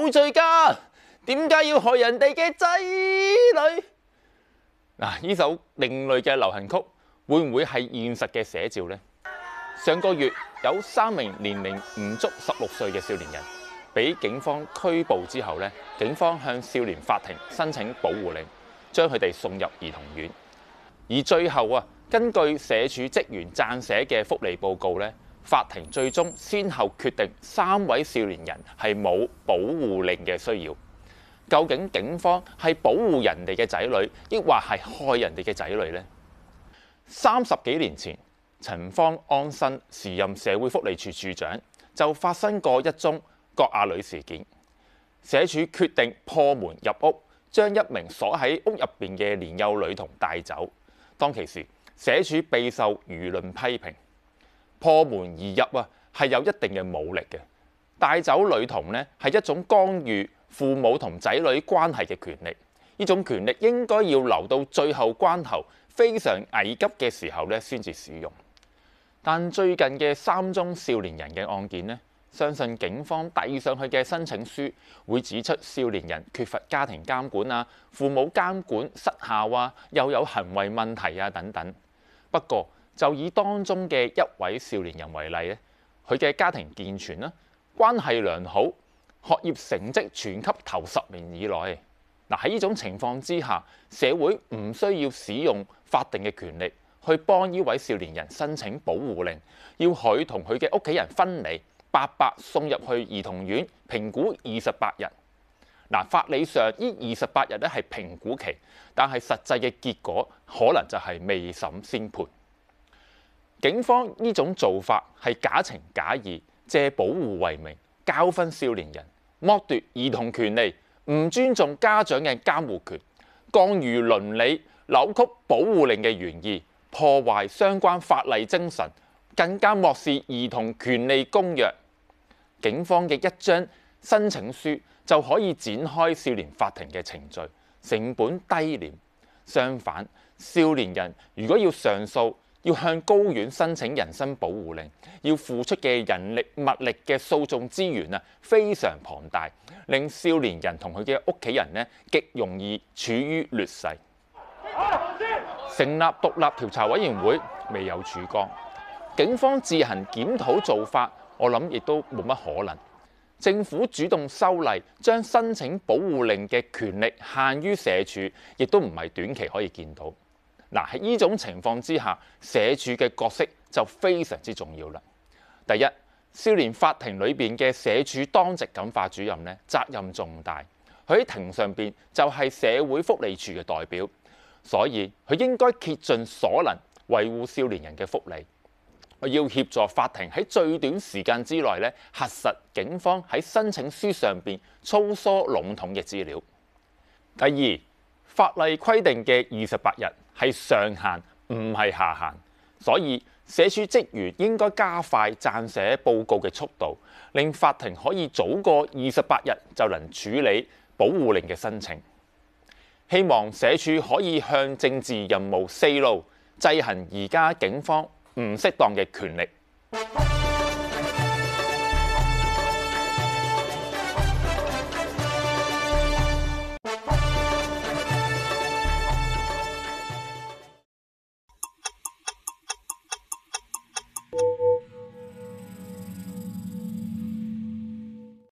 冇罪噶，點解要害人哋嘅仔女？嗱，呢首另類嘅流行曲會唔會係現實嘅寫照呢？上個月有三名年齡唔足十六歲嘅少年人，俾警方拘捕之後呢，警方向少年法庭申請保護令，將佢哋送入兒童院。而最後啊，根據社署職員撰寫嘅福利報告呢。法庭最終先後決定三位少年人係冇保護令嘅需要。究竟警方係保護人哋嘅仔女，亦或係害人哋嘅仔女呢？三十幾年前，陳方安生時任社會福利處處長，就發生過一宗郭亞女事件。社署決定破門入屋，將一名鎖喺屋入邊嘅年幼女童帶走。當其時，社署備受輿論批評。破門而入啊，係有一定嘅武力嘅；帶走女童呢，係一種干預父母同仔女關係嘅權力。呢種權力應該要留到最後關頭非常危急嘅時候咧，先至使用。但最近嘅三宗少年人嘅案件呢，相信警方遞上去嘅申請書會指出少年人缺乏家庭監管啊，父母監管失效啊，又有行為問題啊等等。不過，就以當中嘅一位少年人為例咧，佢嘅家庭健全啦，關係良好，學業成績全級頭十年十名以內。嗱，喺呢種情況之下，社會唔需要使用法定嘅權力去幫呢位少年人申請保護令，要佢同佢嘅屋企人分離，白白送入去兒童院評估二十八日。嗱，法理上呢二十八日咧係評估期，但係實際嘅結果可能就係未審先判。警方呢種做法是假情假意，借保護為名教訓少年人，剝奪兒童權利，唔尊重家長嘅監護權，干預倫理，扭曲保護令嘅原意，破壞相關法例精神，更加漠視兒童權利公約。警方嘅一張申請書就可以展開少年法庭嘅程序，成本低廉。相反，少年人如果要上訴。要向高院申請人身保護令，要付出嘅人力物力嘅訴訟資源啊，非常龐大，令少年人同佢嘅屋企人呢極容易處於劣勢。成立獨立調查委員會未有曙光，警方自行檢討做法，我諗亦都冇乜可能。政府主動修例，將申請保護令嘅權力限於社署，亦都唔係短期可以見到。嗱，喺呢種情況之下，社署嘅角色就非常之重要啦。第一，少年法庭裏邊嘅社署當值感化主任咧，責任重大。佢喺庭上邊就係社會福利處嘅代表，所以佢應該竭盡所能維護少年人嘅福利。我要協助法庭喺最短時間之內咧，核實警方喺申請書上邊粗疏籠統嘅資料。第二，法例規定嘅二十八日係上限，唔係下限，所以社署職員應該加快撰寫報告嘅速度，令法庭可以早過二十八日就能處理保護令嘅申請。希望社署可以向政治任務示露，制衡而家警方唔適當嘅權力。